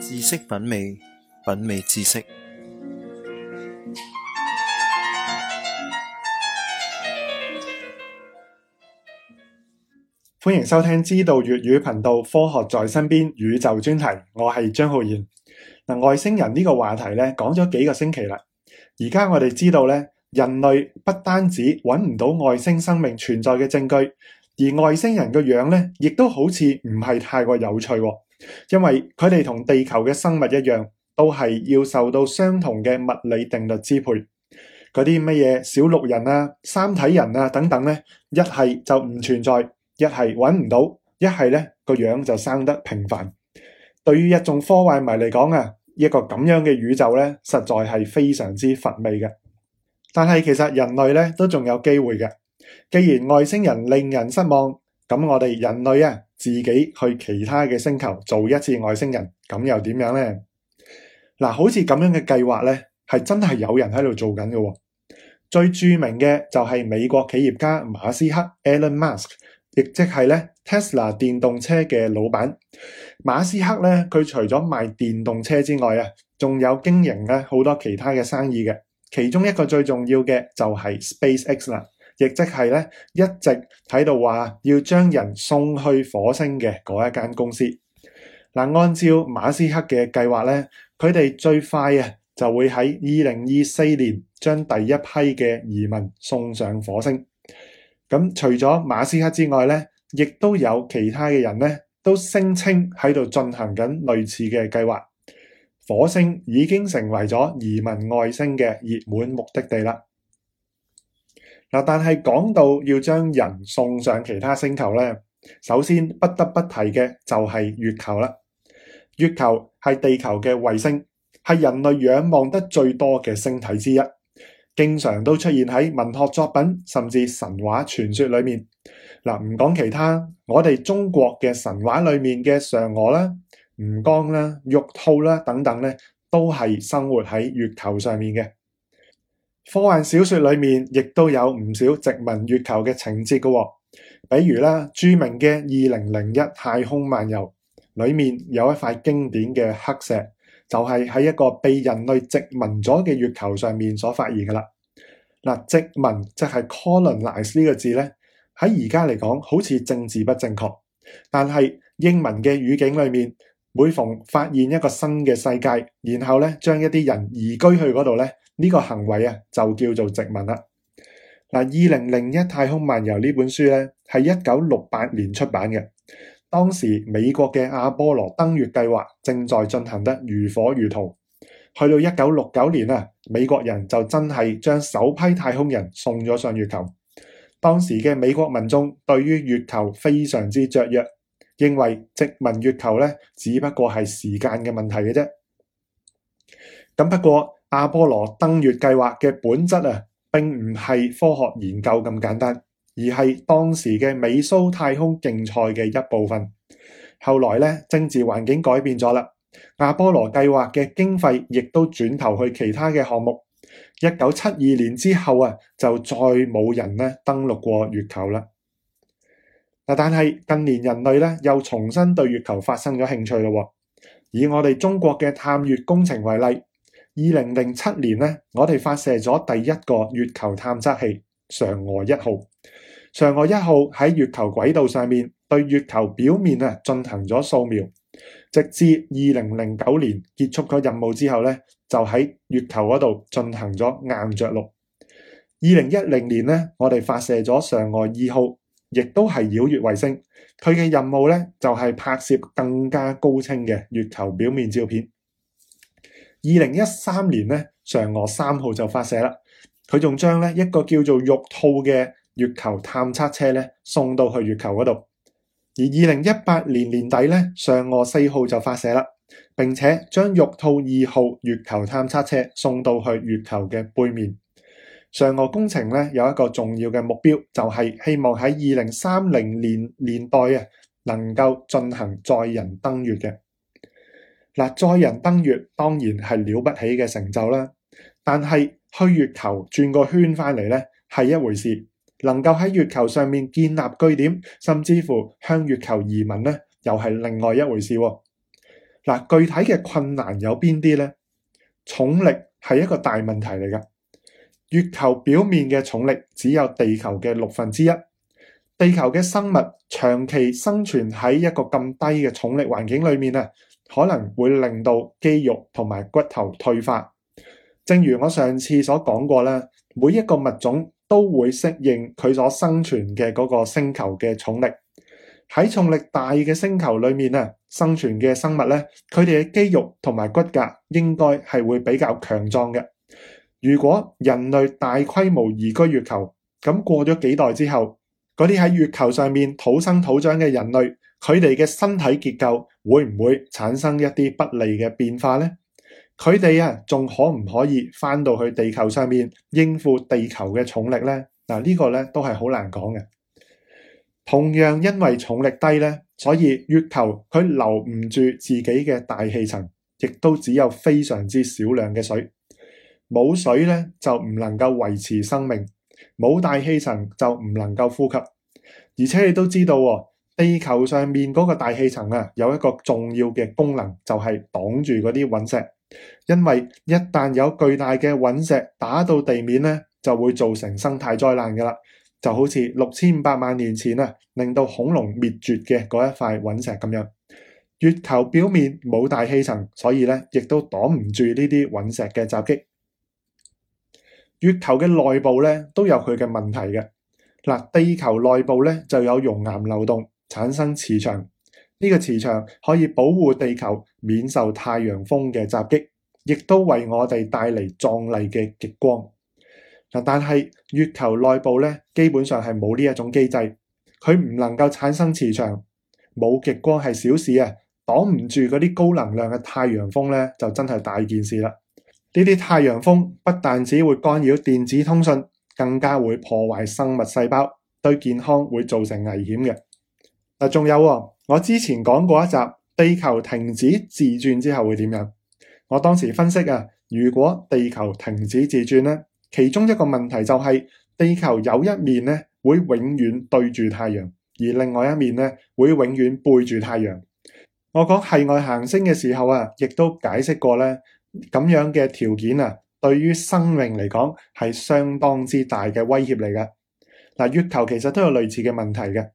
知識品味，品味知識。歡迎收聽《知道粵語》頻道《科學在身邊》宇宙專題。我係張浩然嗱。外星人呢個話題咧，講咗幾個星期啦。而家我哋知道呢，人類不單止揾唔到外星生命存在嘅證據，而外星人個樣呢，亦都好似唔係太過有趣喎。因為佢哋同地球嘅生物一樣，都係要受到相同嘅物理定律支配。嗰啲乜嘢小綠人啊、三體人啊等等咧，一係就唔存在，一係揾唔到，一係咧個樣就生得平凡。對於一眾科幻迷嚟講啊，一個咁樣嘅宇宙咧，實在係非常之乏味嘅。但係其實人類咧都仲有機會嘅，既然外星人令人失望，咁我哋人類啊，自己去其他嘅星球做一次外星人，咁又點樣呢？嗱，好似咁樣嘅計劃呢，係真係有人喺度做緊嘅。最著名嘅就係美國企業家馬斯克 e l l e n Musk），亦即係咧 s l a 電動車嘅老闆。馬斯克呢，佢除咗賣電動車之外啊，仲有經營咧好多其他嘅生意嘅。其中一個最重要嘅就係 SpaceX 啦。亦即係咧，一直喺度話要將人送去火星嘅嗰一間公司。嗱，按照馬斯克嘅計劃咧，佢哋最快啊就會喺二零二四年將第一批嘅移民送上火星。咁除咗馬斯克之外咧，亦都有其他嘅人咧，都聲稱喺度進行緊類似嘅計劃。火星已經成為咗移民外星嘅熱門目的地啦。嗱，但係講到要將人送上其他星球咧，首先不得不提嘅就係月球啦。月球係地球嘅衛星，係人類仰望得最多嘅星體之一，經常都出現喺文學作品甚至神話傳說裏面。嗱，唔講其他，我哋中國嘅神話裏面嘅嫦娥啦、吳剛啦、玉兔啦等等咧，都係生活喺月球上面嘅。科幻小說裏面亦都有唔少殖民月球嘅情節喎、哦。比如啦，著名嘅《二零零一太空漫遊》裏面有一塊經典嘅黑石，就係、是、喺一個被人類殖民咗嘅月球上面所發現㗎啦。嗱，殖民即係、就是、colonize 呢個字呢，喺而家嚟講好似政治不正確，但係英文嘅語境裏面，每逢發現一個新嘅世界，然後呢，將一啲人移居去嗰度呢。呢個行為啊，就叫做殖民啦。嗱，《二零零一太空漫遊》呢本書咧，係一九六八年出版嘅。當時美國嘅阿波羅登月計劃正在進行得如火如荼。去到一九六九年啊，美國人就真係將首批太空人送咗上月球。當時嘅美國民眾對於月球非常之雀躍，認為殖民月球咧，只不過係時間嘅問題嘅啫。咁不過。阿波羅登月計劃嘅本質啊，並唔係科學研究咁簡單，而係當時嘅美蘇太空競賽嘅一部分。後來咧，政治環境改變咗啦，阿波羅計劃嘅經費亦都轉投去其他嘅項目。一九七二年之後啊，就再冇人咧登陸過月球啦。嗱，但係近年人類咧又重新對月球發生咗興趣啦。以我哋中國嘅探月工程為例。二零零七年咧，我哋發射咗第一個月球探測器嫦娥一號。嫦娥一號喺月球軌道上面對月球表面啊進行咗掃描，直至二零零九年結束咗任務之後咧，就喺月球嗰度進行咗硬着陸。二零一零年咧，我哋發射咗嫦娥二號，亦都係繞月衛星。佢嘅任務咧就係拍攝更加高清嘅月球表面照片。2013年呢，嫦娥三號就發射喇。佢仲將呢一個叫做玉兔嘅月球探測車呢送到去月球嗰度。而2018年年底呢，嫦娥四號就發射喇，並且將玉兔二號月球探測車送到去月球嘅背面。嫦娥工程呢有一個重要嘅目標，就係希望喺2030年年代呀，能夠進行載人登月嘅。嗱，載人登月當然係了不起嘅成就啦，但係去月球轉個圈翻嚟呢，係一回事，能夠喺月球上面建立據點，甚至乎向月球移民呢，又係另外一回事喎。嗱，具體嘅困難有邊啲呢？重力係一個大問題嚟噶，月球表面嘅重力只有地球嘅六分之一，地球嘅生物長期生存喺一個咁低嘅重力環境裏面啊！可能會令到肌肉同埋骨頭退化。正如我上次所講過咧，每一個物種都會適應佢所生存嘅嗰個星球嘅重力。喺重力大嘅星球裏面啊，生存嘅生物咧，佢哋嘅肌肉同埋骨骼應該係會比較強壯嘅。如果人類大規模移居月球，咁過咗幾代之後，嗰啲喺月球上面土生土長嘅人類。佢哋嘅身體結構會唔會產生一啲不利嘅變化呢？佢哋啊，仲可唔可以翻到去地球上面應付地球嘅重力呢？嗱，呢個呢都係好難講嘅。同樣，因為重力低呢，所以月球佢留唔住自己嘅大氣層，亦都只有非常之少量嘅水。冇水呢，就唔能夠維持生命，冇大氣層就唔能夠呼吸。而且你都知道喎。地球上面嗰個大氣層啊，有一個重要嘅功能就係擋住嗰啲隕石。因為一旦有巨大嘅隕石打到地面咧，就會造成生態災難㗎啦，就好似六千五百萬年前啊令到恐龍滅絕嘅嗰一塊隕石咁樣。月球表面冇大氣層，所以咧亦都擋唔住呢啲隕石嘅襲擊。月球嘅內部咧都有佢嘅問題嘅。嗱，地球內部咧就有熔岩流動，產生磁場，呢個磁場可以保護地球免受太陽風嘅襲擊，亦都為我哋帶嚟壯麗嘅極光。但係月球內部咧，基本上係冇呢一種機制，佢唔能夠產生磁場，冇極光係小事啊，擋唔住嗰啲高能量嘅太陽風咧，就真係大件事啦。呢啲太陽風不但只會干擾電子通訊，更加會破壞生物細胞，對健康會造成危險嘅。嗱，仲有我之前講過一集地球停止自轉之後會點樣？我當時分析啊，如果地球停止自轉呢，其中一個問題就係地球有一面呢會永遠對住太陽，而另外一面呢會永遠背住太陽。我講係外行星嘅時候啊，亦都解釋過呢咁樣嘅條件啊，對於生命嚟講係相當之大嘅威脅嚟嘅。嗱，月球其實都有類似嘅問題嘅。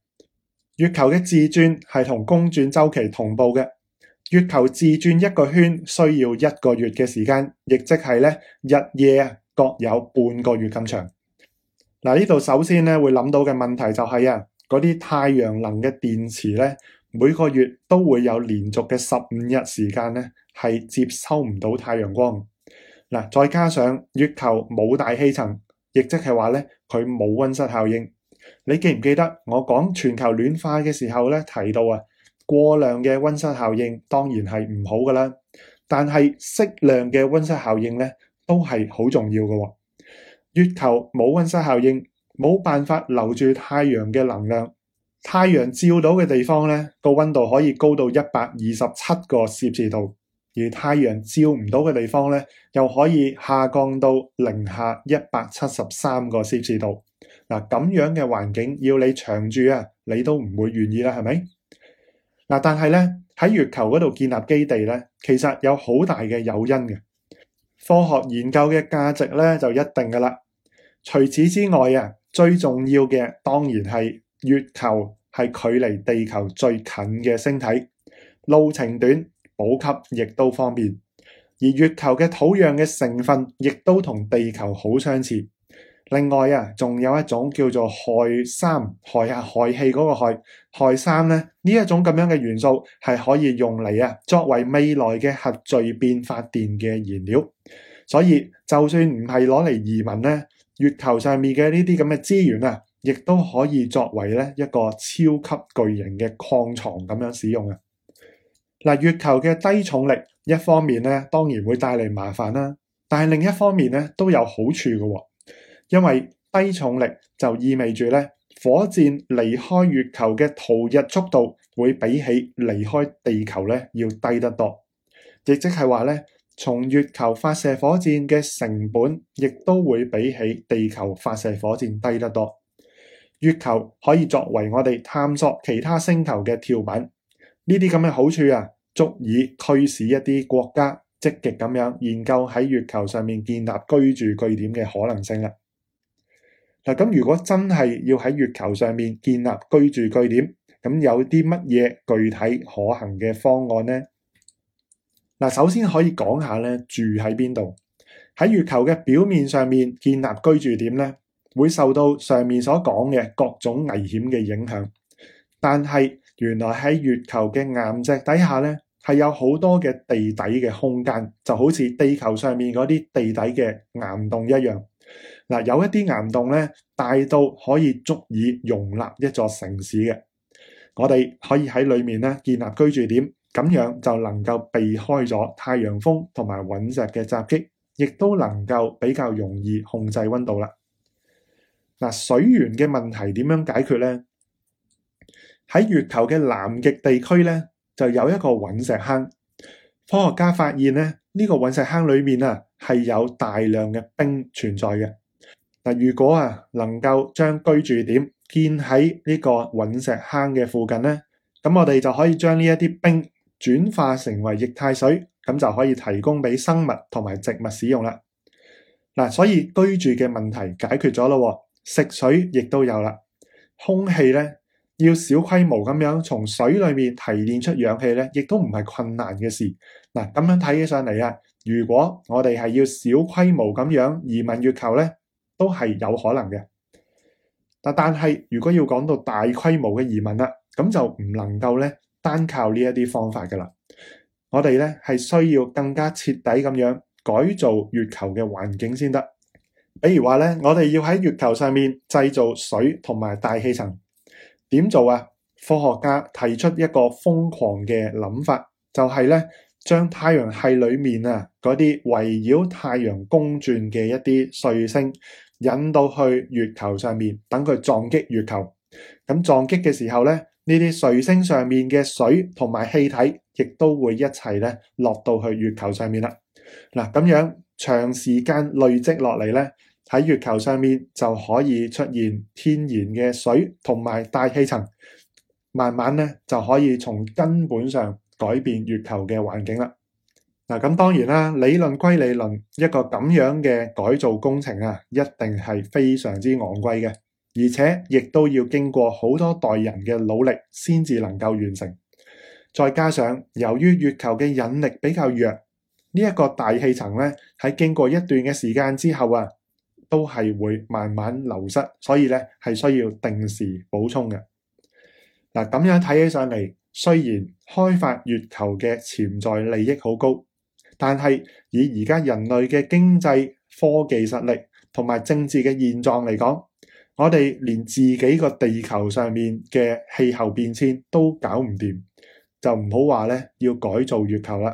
月球嘅自轉係同公轉週期同步嘅，月球自轉一個圈需要一個月嘅時間，亦即係咧日夜各有半個月咁長。嗱，呢度首先咧會諗到嘅問題就係啊，嗰啲太陽能嘅電池咧，每個月都會有連續嘅十五日時間咧係接收唔到太陽光。嗱，再加上月球冇大氣層，亦即係話咧佢冇溫室效應。你記唔記得我講全球暖化嘅時候咧，提到啊，過量嘅溫室效應當然係唔好㗎啦，但係適量嘅溫室效應咧都係好重要㗎喎。月球冇溫室效應，冇辦法留住太陽嘅能量，太陽照到嘅地方咧，個溫度可以高到一百二十七個攝氏度，而太陽照唔到嘅地方咧又可以下降到零下一百七十三個攝氏度。嗱，咁樣嘅環境要你長住啊，你都唔會願意啦，係咪？嗱，但係呢，喺月球嗰度建立基地呢，其實有好大嘅誘因嘅。科學研究嘅價值呢，就一定噶啦。除此之外啊，最重要嘅當然係月球係距離地球最近嘅星體，路程短，補給亦都方便。而月球嘅土壤嘅成分亦都同地球好相似。另外啊，仲有一種叫做氦三，氦係氦氣嗰個氦三咧，呢一種咁樣嘅元素係可以用嚟啊，作為未來嘅核聚變發電嘅燃料。所以就算唔係攞嚟移民咧，月球上面嘅呢啲咁嘅資源啊，亦都可以作為咧一個超級巨型嘅礦床咁樣使用啊。嗱，月球嘅低重力一方面咧當然會帶嚟麻煩啦，但係另一方面咧都有好處嘅，哦。因為低重力就意味住咧，火箭離開月球嘅逃逸速度會比起離開地球咧要低得多，亦即係話咧，從月球發射火箭嘅成本亦都會比起地球發射火箭低得多。月球可以作為我哋探索其他星球嘅跳板，呢啲咁嘅好處啊，足以驅使一啲國家積極咁樣研究喺月球上面建立居住據點嘅可能性啦。嗱，咁如果真係要喺月球上面建立居住據點，咁有啲乜嘢具體可行嘅方案呢？嗱，首先可以講下咧，住喺邊度？喺月球嘅表面上面建立居住點咧，會受到上面所講嘅各種危險嘅影響。但係原來喺月球嘅岩石底下咧，係有好多嘅地底嘅空間，就好似地球上面嗰啲地底嘅岩洞一樣。嗱，有一啲岩洞咧，大到可以足以容納一座城市嘅，我哋可以喺裏面咧建立居住點，咁樣就能夠避開咗太陽風同埋隕石嘅襲擊，亦都能夠比較容易控制溫度啦。嗱，水源嘅問題點樣解決呢？喺月球嘅南極地區咧，就有一個隕石坑，科學家發現咧，呢個隕石坑裏面啊係有大量嘅冰存在嘅。嗱，如果啊，能夠將居住點建喺呢個隕石坑嘅附近咧，咁我哋就可以將呢一啲冰轉化成為液態水，咁就可以提供俾生物同埋植物使用啦。嗱，所以居住嘅問題解決咗咯，食水亦都有啦。空氣咧，要小規模咁樣從水裡面提煉出氧氣咧，亦都唔係困難嘅事。嗱，咁樣睇起上嚟啊，如果我哋係要小規模咁樣移民月球咧，都係有可能嘅，但但係如果要講到大規模嘅移民啦，咁就唔能夠咧單靠呢一啲方法嘅啦。我哋咧係需要更加徹底咁樣改造月球嘅環境先得。比如話咧，我哋要喺月球上面製造水同埋大氣層，點做啊？科學家提出一個瘋狂嘅諗法，就係咧將太陽系裏面啊嗰啲圍繞太陽公轉嘅一啲彗星，引到去月球上面，等佢撞擊月球，咁撞擊嘅時候咧，呢啲彗星上面嘅水同埋氣體，亦都會一齊咧落到去月球上面啦。嗱，咁樣長時間累積落嚟咧，喺月球上面就可以出現天然嘅水同埋大氣層，慢慢咧就可以從根本上改變月球嘅環境啦。嗱，咁當然啦，理論歸理論，一個咁樣嘅改造工程啊，一定係非常之昂貴嘅，而且亦都要經過好多代人嘅努力先至能夠完成。再加上由於月球嘅引力比較弱，呢一個大氣層咧喺經過一段嘅時間之後啊，都係會慢慢流失，所以咧係需要定時補充嘅。嗱，咁樣睇起上嚟，雖然開發月球嘅潛在利益好高。但係以而家人類嘅經濟、科技實力同埋政治嘅現狀嚟講，我哋連自己個地球上面嘅氣候變遷都搞唔掂，就唔好話咧要改造月球啦。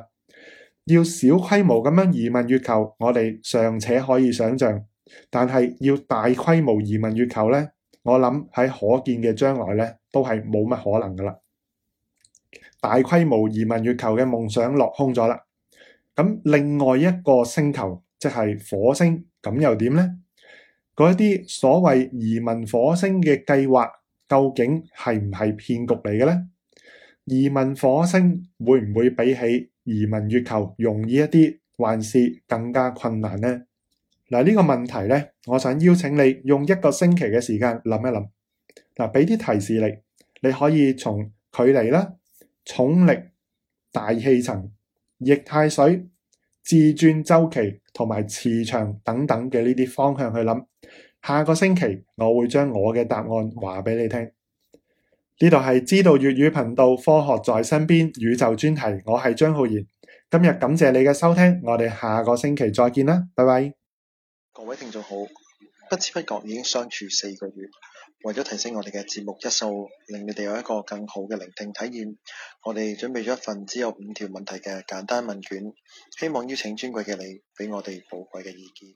要小規模咁樣移民月球，我哋尚且可以想象，但係要大規模移民月球呢，我諗喺可見嘅將來呢都係冇乜可能噶啦。大規模移民月球嘅夢想落空咗啦。咁，另外一個星球，即係火星，咁又點呢？嗰啲所謂移民火星嘅計劃，究竟係唔係騙局嚟嘅呢？移民火星會唔會比起移民月球容易一啲，還是更加困難呢？嗱，呢個問題呢，我想邀請你用一個星期嘅時間諗一諗。嗱，俾啲提示你，你可以從距離啦、重力、大氣層、液態水、自轉週期同埋磁場等等嘅呢啲方向去諗。下個星期我會將我嘅答案話俾你聽。呢度係知道粵語頻道科學在身邊宇宙專題，我係張浩然。今日感謝你嘅收聽，我哋下個星期再見啦，拜拜。各位聽眾好，不知不覺已經相處四個月。為咗提升我哋嘅節目質素，令你哋有一個更好嘅聆聽體驗，我哋準備咗一份只有五條問題嘅簡單問卷，希望邀請尊貴嘅你俾我哋寶貴嘅意見。